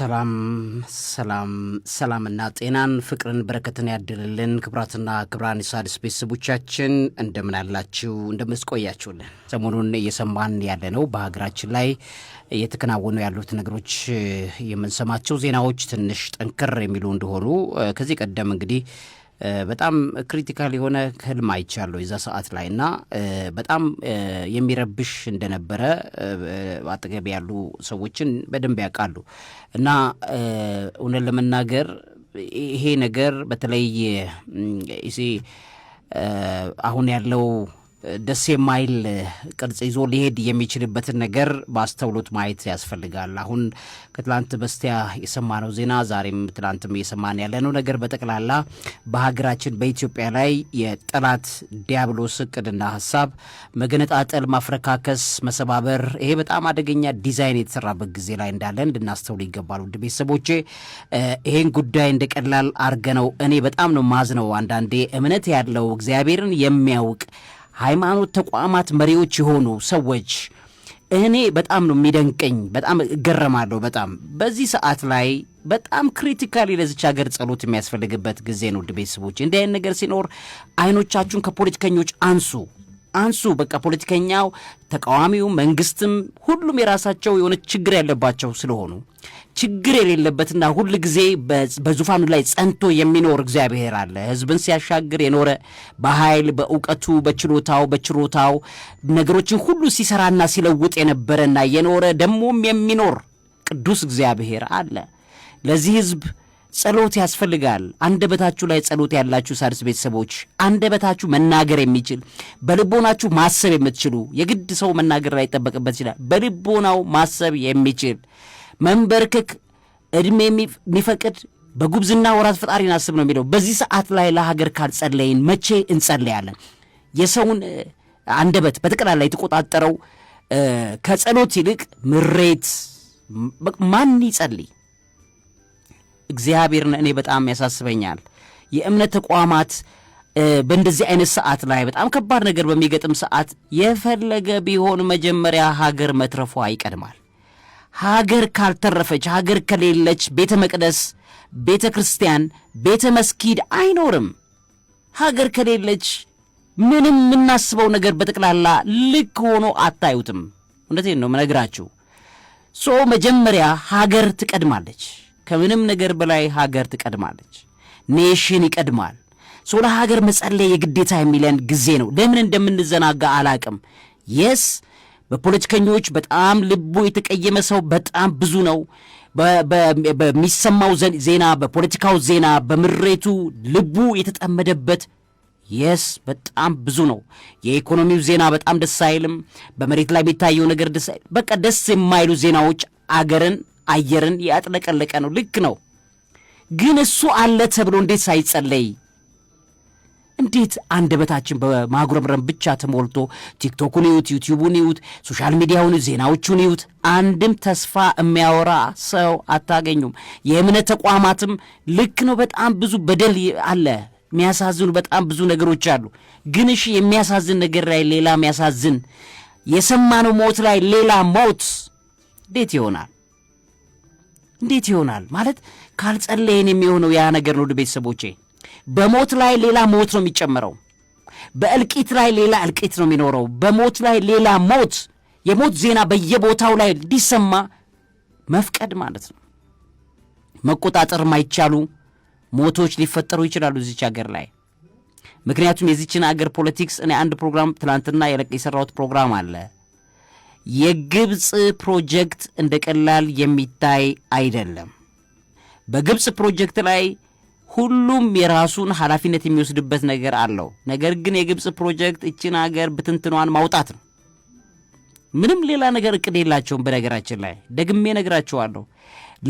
ሰላም ሰላም ሰላምና ጤናን ፍቅርን በረከትን ያድልልን። ክብራትና ክብራን የሣድስ ቤተሰቦቻችን እንደምን አላችሁ? እንደምስቆያችሁልን ሰሞኑን እየሰማን ያለ ነው በሀገራችን ላይ እየተከናወኑ ያሉት ነገሮች የምንሰማቸው ዜናዎች ትንሽ ጠንከር የሚሉ እንደሆኑ ከዚህ ቀደም እንግዲህ በጣም ክሪቲካል የሆነ ህልም አይቻለሁ የዛ ሰዓት ላይ እና በጣም የሚረብሽ እንደነበረ አጠገብ ያሉ ሰዎችን በደንብ ያውቃሉ እና እውነት ለመናገር ይሄ ነገር በተለይ አሁን ያለው ደስ የማይል ቅርጽ ይዞ ሊሄድ የሚችልበትን ነገር በአስተውሎት ማየት ያስፈልጋል። አሁን ከትላንት በስቲያ የሰማነው ዜና ዛሬም ትላንትም እየሰማን ያለነው ነገር በጠቅላላ በሀገራችን በኢትዮጵያ ላይ የጠላት ዲያብሎስ እቅድና ሀሳብ መገነጣጠል፣ ማፍረካከስ፣ መሰባበር ይሄ በጣም አደገኛ ዲዛይን የተሰራበት ጊዜ ላይ እንዳለን እንድናስተውል ይገባል። ውድ ቤተሰቦቼ ይሄን ጉዳይ እንደ ቀላል አርገ ነው እኔ በጣም ነው ማዝ ነው አንዳንዴ እምነት ያለው እግዚአብሔርን የሚያውቅ ሃይማኖት ተቋማት መሪዎች የሆኑ ሰዎች እኔ በጣም ነው የሚደንቀኝ፣ በጣም እገረማለሁ። በጣም በዚህ ሰዓት ላይ በጣም ክሪቲካሊ ለዚች ሀገር ጸሎት የሚያስፈልግበት ጊዜ ነው። ውድ ቤተሰቦች፣ እንዲህ አይነት ነገር ሲኖር አይኖቻችሁን ከፖለቲከኞች አንሱ። አንሱ። በቃ ፖለቲከኛው፣ ተቃዋሚው፣ መንግስትም ሁሉም የራሳቸው የሆነ ችግር ያለባቸው ስለሆኑ ችግር የሌለበትና ሁል ጊዜ በዙፋኑ ላይ ጸንቶ የሚኖር እግዚአብሔር አለ። ህዝብን ሲያሻግር የኖረ በኃይል በእውቀቱ፣ በችሎታው በችሮታው ነገሮችን ሁሉ ሲሰራና ሲለውጥ የነበረና የኖረ ደግሞም የሚኖር ቅዱስ እግዚአብሔር አለ ለዚህ ህዝብ ጸሎት ያስፈልጋል። አንደበታችሁ ላይ ጸሎት ያላችሁ ሣድስ ቤተሰቦች፣ አንደበታችሁ መናገር የሚችል በልቦናችሁ ማሰብ የምትችሉ የግድ ሰው መናገር ላይ ይጠበቅበት ይችላል። በልቦናው ማሰብ የሚችል መንበርክክ፣ እድሜ የሚፈቅድ በጉብዝና ወራት ፈጣሪ አስብ ነው የሚለው። በዚህ ሰዓት ላይ ለሀገር ካልጸለይን መቼ እንጸለያለን? የሰውን አንደበት በጠቅላላ የተቆጣጠረው ከጸሎት ይልቅ ምሬት። ማን ይጸልይ? እግዚአብሔርን እኔ በጣም ያሳስበኛል። የእምነት ተቋማት በእንደዚህ አይነት ሰዓት ላይ በጣም ከባድ ነገር በሚገጥም ሰዓት የፈለገ ቢሆን መጀመሪያ ሀገር መትረፏ ይቀድማል። ሀገር ካልተረፈች፣ ሀገር ከሌለች ቤተ መቅደስ፣ ቤተ ክርስቲያን፣ ቤተ መስጊድ አይኖርም። ሀገር ከሌለች ምንም የምናስበው ነገር በጠቅላላ ልክ ሆኖ አታዩትም። እውነቴን ነው የምነግራችሁ። ሶ መጀመሪያ ሀገር ትቀድማለች። ከምንም ነገር በላይ ሀገር ትቀድማለች። ኔሽን ይቀድማል። ስለ ሀገር መጸለይ የግዴታ የሚለን ጊዜ ነው። ለምን እንደምንዘናጋ አላቅም። የስ በፖለቲከኞች በጣም ልቡ የተቀየመ ሰው በጣም ብዙ ነው። በሚሰማው ዜና፣ በፖለቲካው ዜና፣ በምሬቱ ልቡ የተጠመደበት የስ በጣም ብዙ ነው። የኢኮኖሚው ዜና በጣም ደስ አይልም። በመሬት ላይ የሚታየው ነገር ደስ በቃ ደስ የማይሉ ዜናዎች አገርን አየርን ያጥለቀለቀ ነው። ልክ ነው። ግን እሱ አለ ተብሎ እንዴት ሳይጸለይ እንዴት አንደበታችን በማጉረምረም ብቻ ተሞልቶ ቲክቶኩን ይዩት፣ ዩቲዩቡን ይዩት፣ ሶሻል ሚዲያውን፣ ዜናዎቹን ይዩት፣ አንድም ተስፋ የሚያወራ ሰው አታገኙም። የእምነት ተቋማትም ልክ ነው። በጣም ብዙ በደል አለ። የሚያሳዝኑ በጣም ብዙ ነገሮች አሉ። ግን እሺ የሚያሳዝን ነገር ላይ ሌላ የሚያሳዝን የሰማነው ሞት ላይ ሌላ ሞት እንዴት ይሆናል? እንዴት ይሆናል ማለት ካልጸለየን የሚሆነው ያ ነገር ነው። ቤተሰቦቼ በሞት ላይ ሌላ ሞት ነው የሚጨመረው። በእልቂት ላይ ሌላ እልቂት ነው የሚኖረው። በሞት ላይ ሌላ ሞት፣ የሞት ዜና በየቦታው ላይ እንዲሰማ መፍቀድ ማለት ነው። መቆጣጠር ማይቻሉ ሞቶች ሊፈጠሩ ይችላሉ እዚች ሀገር ላይ ምክንያቱም የዚችን አገር ፖለቲክስ እኔ አንድ ፕሮግራም ትናንትና የሰራሁት ፕሮግራም አለ የግብፅ ፕሮጀክት እንደ ቀላል የሚታይ አይደለም። በግብፅ ፕሮጀክት ላይ ሁሉም የራሱን ኃላፊነት የሚወስድበት ነገር አለው። ነገር ግን የግብፅ ፕሮጀክት እችን ሀገር ብትንትኗን ማውጣት ነው። ምንም ሌላ ነገር እቅድ የላቸውም። በነገራችን ላይ ደግሜ ነግራቸዋለሁ።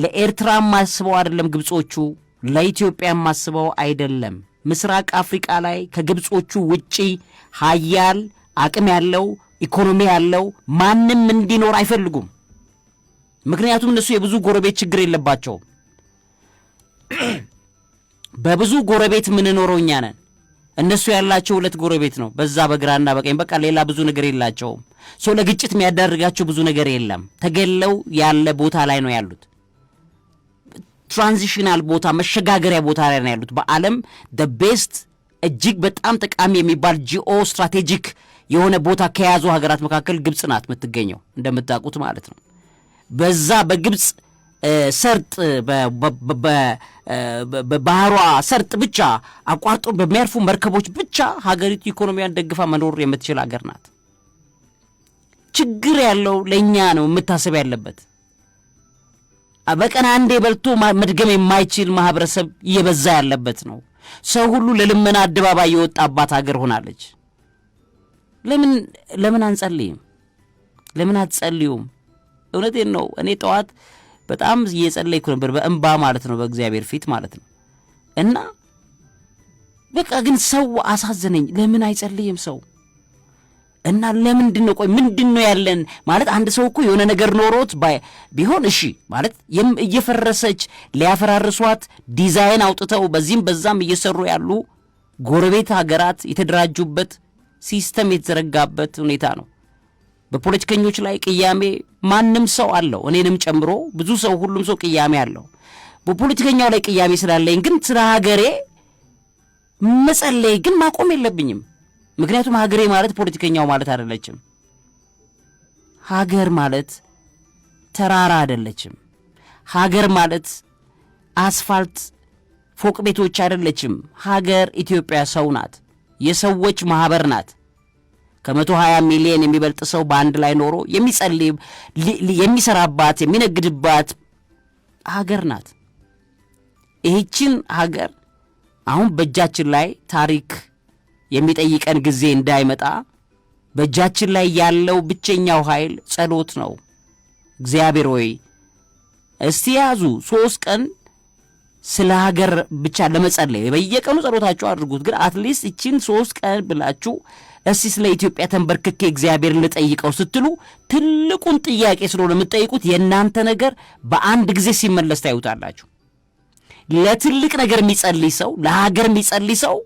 ለኤርትራ ማስበው አይደለም ግብጾቹ፣ ለኢትዮጵያ ማስበው አይደለም። ምስራቅ አፍሪቃ ላይ ከግብጾቹ ውጪ ሀያል አቅም ያለው ኢኮኖሚ ያለው ማንም እንዲኖር አይፈልጉም። ምክንያቱም እነሱ የብዙ ጎረቤት ችግር የለባቸውም። በብዙ ጎረቤት የምንኖረው እኛ ነን። እነሱ ያላቸው ሁለት ጎረቤት ነው፣ በዛ በግራና በቀኝ። በቃ ሌላ ብዙ ነገር የላቸውም። ሰው ለግጭት የሚያዳርጋቸው ብዙ ነገር የለም። ተገለው ያለ ቦታ ላይ ነው ያሉት። ትራንዚሽናል ቦታ፣ መሸጋገሪያ ቦታ ላይ ነው ያሉት። በዓለም ደ ቤስት እጅግ በጣም ጠቃሚ የሚባል ጂኦ ስትራቴጂክ የሆነ ቦታ ከያዙ ሀገራት መካከል ግብፅ ናት የምትገኘው እንደምታውቁት ማለት ነው። በዛ በግብፅ ሰርጥ በባህሯ ሰርጥ ብቻ አቋርጦ በሚያርፉ መርከቦች ብቻ ሀገሪቱ ኢኮኖሚያን ደግፋ መኖር የምትችል ሀገር ናት። ችግር ያለው ለእኛ ነው የምታሰብ ያለበት። በቀን አንዴ በልቶ መድገም የማይችል ማህበረሰብ እየበዛ ያለበት ነው። ሰው ሁሉ ለልመና አደባባይ የወጣባት ሀገር ሆናለች። ለምን ለምን አንጸልይም? ለምን አትጸልዩም? እውነቴን ነው። እኔ ጠዋት በጣም እየጸለይኩ ነበር፣ በእንባ ማለት ነው፣ በእግዚአብሔር ፊት ማለት ነው። እና በቃ ግን ሰው አሳዘነኝ። ለምን አይጸልይም ሰው? እና ለምንድን ነው ቆይ ምንድን ነው ያለን ማለት አንድ ሰው እኮ የሆነ ነገር ኖሮት ቢሆን እሺ ማለት እየፈረሰች ሊያፈራርሷት ዲዛይን አውጥተው በዚህም በዛም እየሰሩ ያሉ ጎረቤት ሀገራት የተደራጁበት ሲስተም የተዘረጋበት ሁኔታ ነው። በፖለቲከኞች ላይ ቅያሜ ማንም ሰው አለው፣ እኔንም ጨምሮ ብዙ ሰው፣ ሁሉም ሰው ቅያሜ አለው። በፖለቲከኛው ላይ ቅያሜ ስላለኝ ግን ስለ ሀገሬ መጸለይ ግን ማቆም የለብኝም። ምክንያቱም ሀገሬ ማለት ፖለቲከኛው ማለት አይደለችም። ሀገር ማለት ተራራ አይደለችም። ሀገር ማለት አስፋልት ፎቅ ቤቶች አይደለችም። ሀገር ኢትዮጵያ ሰው ናት። የሰዎች ማህበር ናት። ከመቶ ሀያ ሚሊዮን የሚበልጥ ሰው በአንድ ላይ ኖሮ የሚጸልይ የሚሰራባት፣ የሚነግድባት ሀገር ናት። ይህችን ሀገር አሁን በእጃችን ላይ ታሪክ የሚጠይቀን ጊዜ እንዳይመጣ በእጃችን ላይ ያለው ብቸኛው ኃይል ጸሎት ነው። እግዚአብሔር ሆይ እስቲ ያዙ ሶስት ቀን ስለ ሀገር ብቻ ለመጸለይ በየቀኑ ጸሎታችሁ አድርጉት። ግን አትሊስት ይችን ሶስት ቀን ብላችሁ እስቲ ስለ ኢትዮጵያ ተንበርክኬ እግዚአብሔር ልጠይቀው ስትሉ ትልቁን ጥያቄ ስለሆነ የምትጠይቁት የእናንተ ነገር በአንድ ጊዜ ሲመለስ ታዩታላችሁ። ለትልቅ ነገር የሚጸልይ ሰው፣ ለሀገር የሚጸልይ ሰው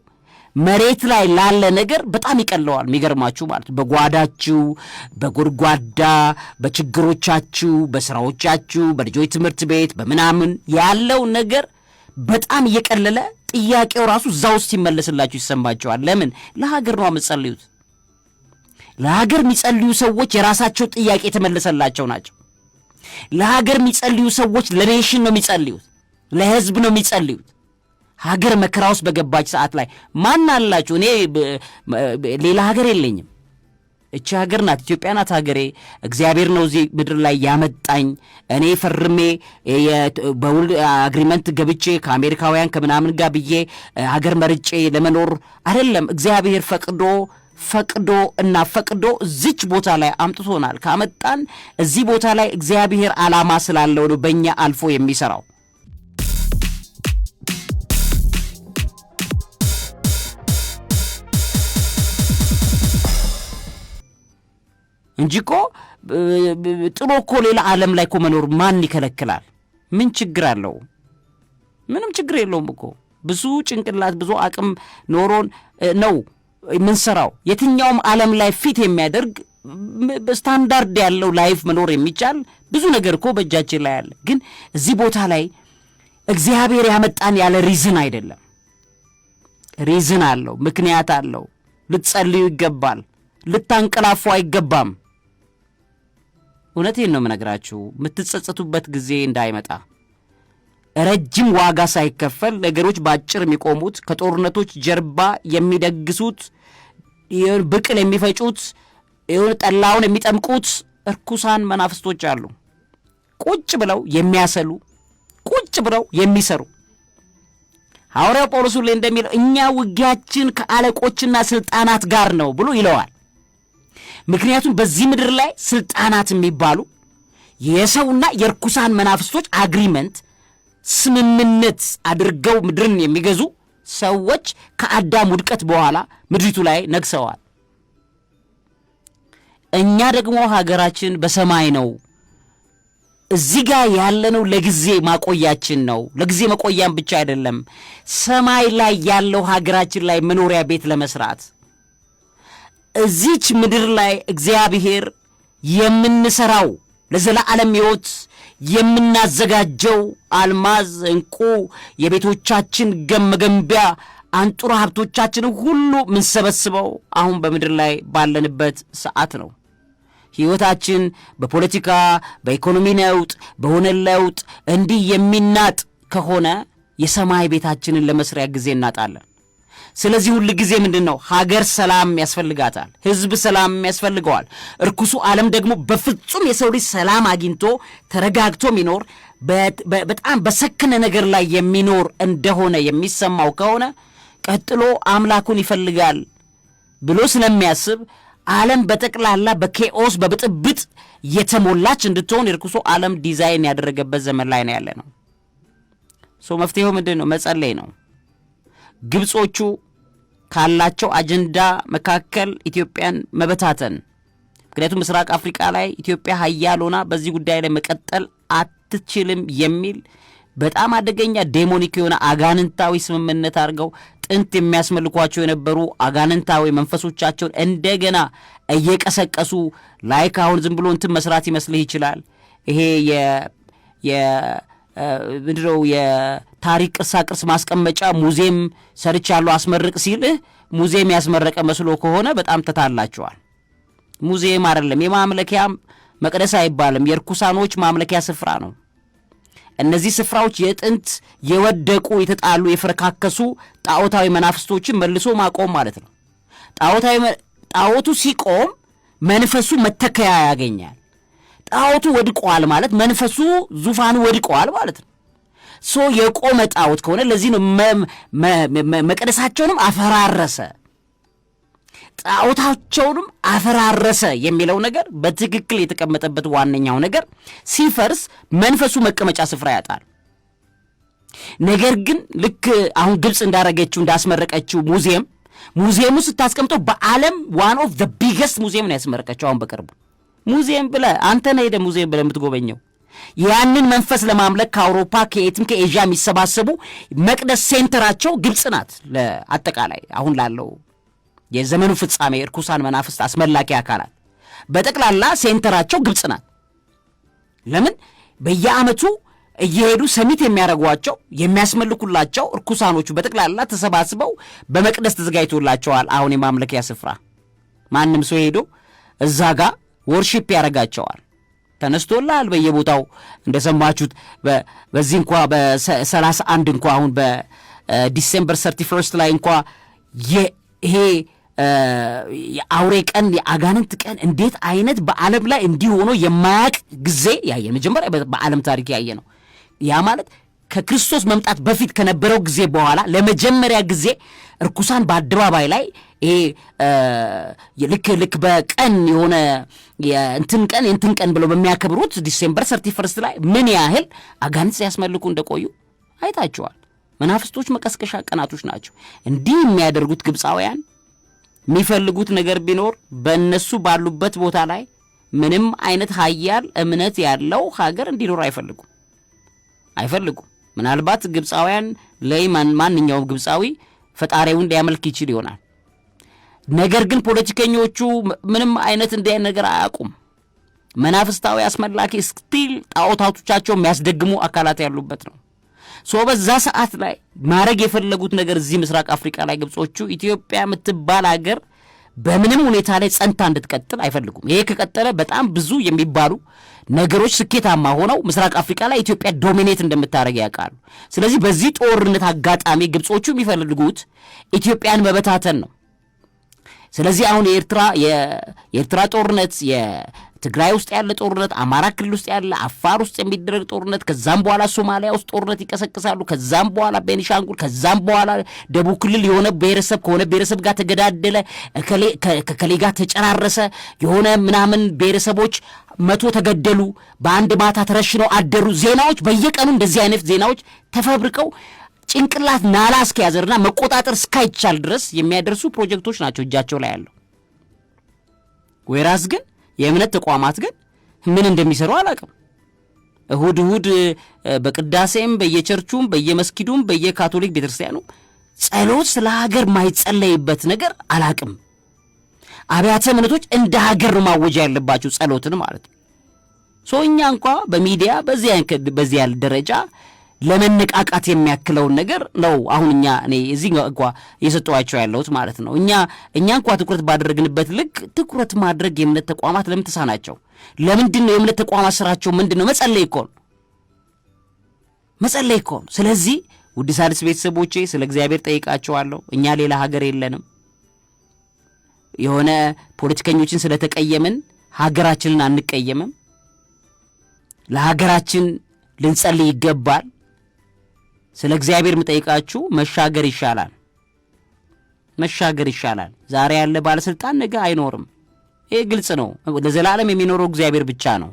መሬት ላይ ላለ ነገር በጣም ይቀለዋል። የሚገርማችሁ ማለት በጓዳችሁ፣ በጎድጓዳ፣ በችግሮቻችሁ፣ በስራዎቻችሁ፣ በልጆች ትምህርት ቤት፣ በምናምን ያለው ነገር በጣም እየቀለለ ጥያቄው ራሱ እዛ ውስጥ ይመለስላችሁ ይሰማቸዋል። ለምን ለሀገር ነው የምትጸልዩት? ለሀገር የሚጸልዩ ሰዎች የራሳቸው ጥያቄ የተመለሰላቸው ናቸው። ለሀገር የሚጸልዩ ሰዎች ለኔሽን ነው የሚጸልዩት፣ ለህዝብ ነው የሚጸልዩት። ሀገር መከራ ውስጥ በገባች ሰዓት ላይ ማን አላችሁ? እኔ ሌላ ሀገር የለኝም እቺ ሀገር ናት፣ ኢትዮጵያ ናት ሀገሬ። እግዚአብሔር ነው እዚህ ምድር ላይ ያመጣኝ። እኔ ፈርሜ በውል አግሪመንት ገብቼ ከአሜሪካውያን ከምናምን ጋር ብዬ ሀገር መርጬ ለመኖር አይደለም። እግዚአብሔር ፈቅዶ ፈቅዶ እና ፈቅዶ እዚች ቦታ ላይ አምጥቶናል። ካመጣን እዚህ ቦታ ላይ እግዚአብሔር ዓላማ ስላለው ነው በእኛ አልፎ የሚሰራው። እንጂ እኮ ጥሎ እኮ ሌላ ዓለም ላይ እኮ መኖር ማን ይከለክላል? ምን ችግር አለው? ምንም ችግር የለውም እኮ ብዙ ጭንቅላት ብዙ አቅም ኖሮን ነው የምንሰራው። የትኛውም ዓለም ላይ ፊት የሚያደርግ ስታንዳርድ ያለው ላይፍ መኖር የሚቻል ብዙ ነገር እኮ በእጃችን ላይ አለ። ግን እዚህ ቦታ ላይ እግዚአብሔር ያመጣን ያለ ሪዝን አይደለም። ሪዝን አለው፣ ምክንያት አለው። ልትጸልዩ ይገባል። ልታንቀላፉ አይገባም። እውነቴን ነው የምነግራችሁ፣ የምትጸጸቱበት ጊዜ እንዳይመጣ። ረጅም ዋጋ ሳይከፈል ነገሮች በአጭር የሚቆሙት ከጦርነቶች ጀርባ የሚደግሱት ብቅል የሚፈጩት ይሁን ጠላውን የሚጠምቁት እርኩሳን መናፍስቶች አሉ። ቁጭ ብለው የሚያሰሉ ቁጭ ብለው የሚሰሩ ሐዋርያው ጳውሎስ ሁሌ እንደሚለው እኛ ውጊያችን ከአለቆችና ስልጣናት ጋር ነው ብሎ ይለዋል። ምክንያቱም በዚህ ምድር ላይ ስልጣናት የሚባሉ የሰውና የርኩሳን መናፍስቶች አግሪመንት ስምምነት አድርገው ምድርን የሚገዙ ሰዎች ከአዳም ውድቀት በኋላ ምድሪቱ ላይ ነግሰዋል። እኛ ደግሞ ሀገራችን በሰማይ ነው። እዚህ ጋር ያለነው ለጊዜ ማቆያችን ነው። ለጊዜ መቆያም ብቻ አይደለም፣ ሰማይ ላይ ያለው ሀገራችን ላይ መኖሪያ ቤት ለመስራት እዚች ምድር ላይ እግዚአብሔር የምንሰራው ለዘላለም ሕይወት የምናዘጋጀው አልማዝ፣ እንቁ የቤቶቻችን መገንቢያ አንጡራ ሀብቶቻችን ሁሉ የምንሰበስበው አሁን በምድር ላይ ባለንበት ሰዓት ነው። ሕይወታችን በፖለቲካ በኢኮኖሚ ነውጥ በሆነ ለውጥ እንዲህ የሚናጥ ከሆነ የሰማይ ቤታችንን ለመስሪያ ጊዜ እናጣለን። ስለዚህ ሁል ጊዜ ምንድን ነው ሀገር ሰላም ያስፈልጋታል። ህዝብ ሰላም ያስፈልገዋል። እርኩሱ ዓለም ደግሞ በፍጹም የሰው ልጅ ሰላም አግኝቶ ተረጋግቶ የሚኖር በጣም በሰክነ ነገር ላይ የሚኖር እንደሆነ የሚሰማው ከሆነ ቀጥሎ አምላኩን ይፈልጋል ብሎ ስለሚያስብ ዓለም በጠቅላላ በኬኦስ በብጥብጥ የተሞላች እንድትሆን የርኩሶ ዓለም ዲዛይን ያደረገበት ዘመን ላይ ነው ያለ ነው። መፍትሄው ምንድን ነው? መጸለይ ነው። ግብጾቹ ካላቸው አጀንዳ መካከል ኢትዮጵያን መበታተን ምክንያቱም ምስራቅ አፍሪካ ላይ ኢትዮጵያ ሀያል ሆና በዚህ ጉዳይ ላይ መቀጠል አትችልም የሚል በጣም አደገኛ ዴሞኒክ የሆነ አጋንንታዊ ስምምነት አድርገው ጥንት የሚያስመልኳቸው የነበሩ አጋንንታዊ መንፈሶቻቸውን እንደገና እየቀሰቀሱ ላይክ አሁን ዝም ብሎ እንትን መስራት ይመስልህ ይችላል ይሄ ምንድነው የታሪክ ቅርሳቅርስ ማስቀመጫ ሙዚየም ሰርቻለሁ አስመርቅ ሲልህ ሙዚየም ያስመረቀ መስሎ ከሆነ በጣም ትታላቸዋል። ሙዚየም አይደለም፣ የማምለኪያ መቅደስ አይባልም፣ የርኩሳኖች ማምለኪያ ስፍራ ነው። እነዚህ ስፍራዎች የጥንት የወደቁ የተጣሉ የፈረካከሱ ጣዖታዊ መናፍስቶችን መልሶ ማቆም ማለት ነው። ጣዖቱ ሲቆም መንፈሱ መተከያ ያገኛል። ጣዖቱ ወድቀዋል ማለት መንፈሱ ዙፋኑ ወድቀዋል ማለት ነው። ሶ የቆመ ጣዖት ከሆነ ለዚህ ነው መቅደሳቸውንም አፈራረሰ ጣዖታቸውንም አፈራረሰ የሚለው ነገር በትክክል የተቀመጠበት ዋነኛው ነገር ሲፈርስ መንፈሱ መቀመጫ ስፍራ ያጣል። ነገር ግን ልክ አሁን ግብፅ እንዳረገችው እንዳስመረቀችው ሙዚየም ሙዚየሙ ስታስቀምጠው በዓለም ዋን ኦፍ ዘ ቢገስት ሙዚየም ነው ያስመረቀችው አሁን በቅርቡ ሙዚየም ብለ አንተ ነህ ሄደ ሙዚየም ብለ የምትጎበኘው። ያንን መንፈስ ለማምለክ ከአውሮፓ ከየትም ከኤዥያ የሚሰባሰቡ መቅደስ ሴንተራቸው ግብፅ ናት። ለአጠቃላይ አሁን ላለው የዘመኑ ፍጻሜ እርኩሳን መናፍስት አስመላኪ አካላት በጠቅላላ ሴንተራቸው ግብፅ ናት። ለምን በየአመቱ እየሄዱ ሰሚት የሚያደርጓቸው የሚያስመልኩላቸው እርኩሳኖቹ በጠቅላላ ተሰባስበው በመቅደስ ተዘጋጅቶላቸዋል። አሁን የማምለኪያ ስፍራ ማንም ሰው ሄዶ እዛ ጋር ወርሺፕ ያደርጋቸዋል። ተነስቶላል በየቦታው እንደሰማችሁት። በዚህ እንኳ በሰላሳ አንድ እንኳ አሁን በዲሴምበር ሰርቲ ፈርስት ላይ እንኳ ይሄ የአውሬ ቀን የአጋንንት ቀን እንዴት አይነት በዓለም ላይ እንዲህ ሆኖ የማያቅ ጊዜ ያየ መጀመሪያ በዓለም ታሪክ ያየ ነው ያ ማለት ከክርስቶስ መምጣት በፊት ከነበረው ጊዜ በኋላ ለመጀመሪያ ጊዜ እርኩሳን በአደባባይ ላይ ይሄ ልክ ልክ በቀን የሆነ እንትን ቀን እንትን ቀን ብለው በሚያከብሩት ዲሴምበር ሰርቲ ፈርስት ላይ ምን ያህል አጋንንት ሲያስመልኩ እንደቆዩ አይታቸዋል። መናፍስቶች መቀስቀሻ ቀናቶች ናቸው። እንዲህ የሚያደርጉት ግብፃውያን የሚፈልጉት ነገር ቢኖር በእነሱ ባሉበት ቦታ ላይ ምንም አይነት ሀያል እምነት ያለው ሀገር እንዲኖር አይፈልጉም አይፈልጉም። ምናልባት ግብፃውያን ላይ ማንኛውም ግብፃዊ ፈጣሪውን ሊያመልክ ይችል ይሆናል። ነገር ግን ፖለቲከኞቹ ምንም አይነት እንዲህ ነገር አያውቁም። መናፍስታዊ አስመላኪ ስቲል ጣዖታቶቻቸው የሚያስደግሙ አካላት ያሉበት ነው። ሶ በዛ ሰዓት ላይ ማድረግ የፈለጉት ነገር እዚህ ምስራቅ አፍሪካ ላይ ግብጾቹ ኢትዮጵያ የምትባል ሀገር በምንም ሁኔታ ላይ ጸንታ እንድትቀጥል አይፈልጉም። ይሄ ከቀጠለ በጣም ብዙ የሚባሉ ነገሮች ስኬታማ ሆነው ምስራቅ አፍሪካ ላይ ኢትዮጵያ ዶሚኔት እንደምታደርግ ያውቃሉ። ስለዚህ በዚህ ጦርነት አጋጣሚ ግብጾቹ የሚፈልጉት ኢትዮጵያን መበታተን ነው። ስለዚህ አሁን የኤርትራ የኤርትራ ጦርነት ትግራይ ውስጥ ያለ ጦርነት፣ አማራ ክልል ውስጥ ያለ፣ አፋር ውስጥ የሚደረግ ጦርነት፣ ከዛም በኋላ ሶማሊያ ውስጥ ጦርነት ይቀሰቅሳሉ። ከዛም በኋላ ቤኒሻንጉል፣ ከዛም በኋላ ደቡብ ክልል የሆነ ብሔረሰብ ከሆነ ብሔረሰብ ጋር ተገዳደለ፣ ከከሌ ጋር ተጨራረሰ፣ የሆነ ምናምን ብሔረሰቦች መቶ ተገደሉ፣ በአንድ ማታ ተረሽነው አደሩ። ዜናዎች በየቀኑ እንደዚህ አይነት ዜናዎች ተፈብርቀው። ጭንቅላት ናላ እስኪያዘርና መቆጣጠር እስካይቻል ድረስ የሚያደርሱ ፕሮጀክቶች ናቸው እጃቸው ላይ ያለው። ወይራስ ግን የእምነት ተቋማት ግን ምን እንደሚሰሩ አላውቅም። እሁድ እሁድ በቅዳሴም በየቸርቹም በየመስጊዱም በየካቶሊክ ቤተክርስቲያኑ ጸሎት ስለ ሀገር ማይጸለይበት ነገር አላቅም። አብያተ እምነቶች እንደ ሀገር ነው ማወጃ ያለባቸው ጸሎትን ማለት ነው። ሰው እኛ እንኳ በሚዲያ በዚህ ያል ደረጃ ለመነቃቃት የሚያክለውን ነገር ነው። አሁን እኛ እኔ እዚህ እንኳ የሰጠኋቸው ያለሁት ማለት ነው። እኛ እኛ እንኳ ትኩረት ባደረግንበት ልክ ትኩረት ማድረግ የእምነት ተቋማት ለምን ተሳናቸው? ለምንድን ነው የእምነት ተቋማት ስራቸው ምንድን ነው? መጸለይ እኮ ነው፣ መጸለይ እኮ ነው። ስለዚህ ውድ ሣድስ ቤተሰቦቼ ስለ እግዚአብሔር ጠይቃቸዋለሁ። እኛ ሌላ ሀገር የለንም። የሆነ ፖለቲከኞችን ስለተቀየምን ሀገራችንን አንቀየምም። ለሀገራችን ልንጸልይ ይገባል። ስለ እግዚአብሔር የምጠይቃችሁ መሻገር ይሻላል፣ መሻገር ይሻላል። ዛሬ ያለ ባለሥልጣን ነገ አይኖርም። ይህ ግልጽ ነው። ለዘላለም የሚኖረው እግዚአብሔር ብቻ ነው።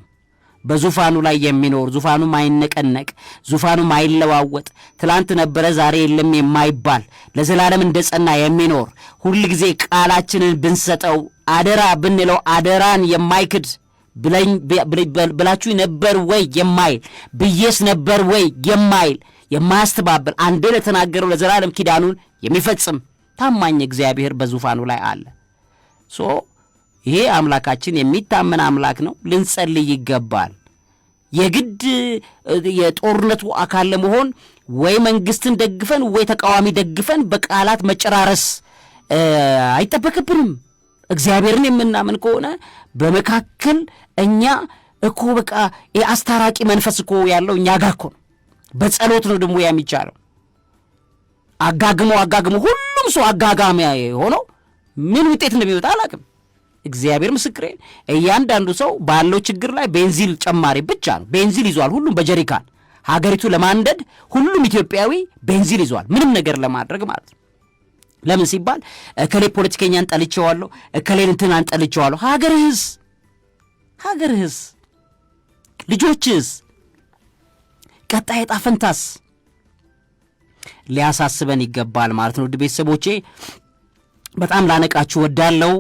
በዙፋኑ ላይ የሚኖር ዙፋኑ ማይነቀነቅ ዙፋኑ ማይለዋወጥ ትላንት ነበረ ዛሬ የለም የማይባል ለዘላለም እንደ ጸና የሚኖር ሁል ጊዜ ቃላችንን ብንሰጠው አደራ ብንለው አደራን የማይክድ ብላችሁ ነበር ወይ የማይል ብዬስ ነበር ወይ የማይል የማያስተባብል አንዴ ለተናገረው ለዘላለም ኪዳኑን የሚፈጽም ታማኝ እግዚአብሔር በዙፋኑ ላይ አለ። ሶ ይሄ አምላካችን የሚታመን አምላክ ነው። ልንጸልይ ይገባል። የግድ የጦርነቱ አካል ለመሆን ወይ መንግስትን ደግፈን ወይ ተቃዋሚ ደግፈን በቃላት መጨራረስ አይጠበቅብንም። እግዚአብሔርን የምናምን ከሆነ በመካከል እኛ እኮ በቃ የአስታራቂ መንፈስ እኮ ያለው እኛ ጋር እኮ ነው። በጸሎት ነው ደግሞ ያ የሚቻለው። አጋግሞ አጋግሞ ሁሉም ሰው አጋጋሚ የሆነው ምን ውጤት እንደሚወጣ አላውቅም። እግዚአብሔር ምስክሬ፣ እያንዳንዱ ሰው ባለው ችግር ላይ ቤንዚል ጨማሪ ብቻ ነው። ቤንዚል ይዟል፣ ሁሉም በጀሪካን ሀገሪቱ ለማንደድ ሁሉም ኢትዮጵያዊ ቤንዚል ይዟል፣ ምንም ነገር ለማድረግ ማለት ነው። ለምን ሲባል እከሌ ፖለቲከኛን ጠልቼዋለሁ፣ እከሌን እንትናን ጠልቼዋለሁ። ሀገርህስ ሀገርህስ ልጆችስ ቀጣይ ዕጣ ፈንታስ ሊያሳስበን ይገባል ማለት ነው። ውድ ቤተሰቦቼ በጣም ላነቃችሁ ወዳለው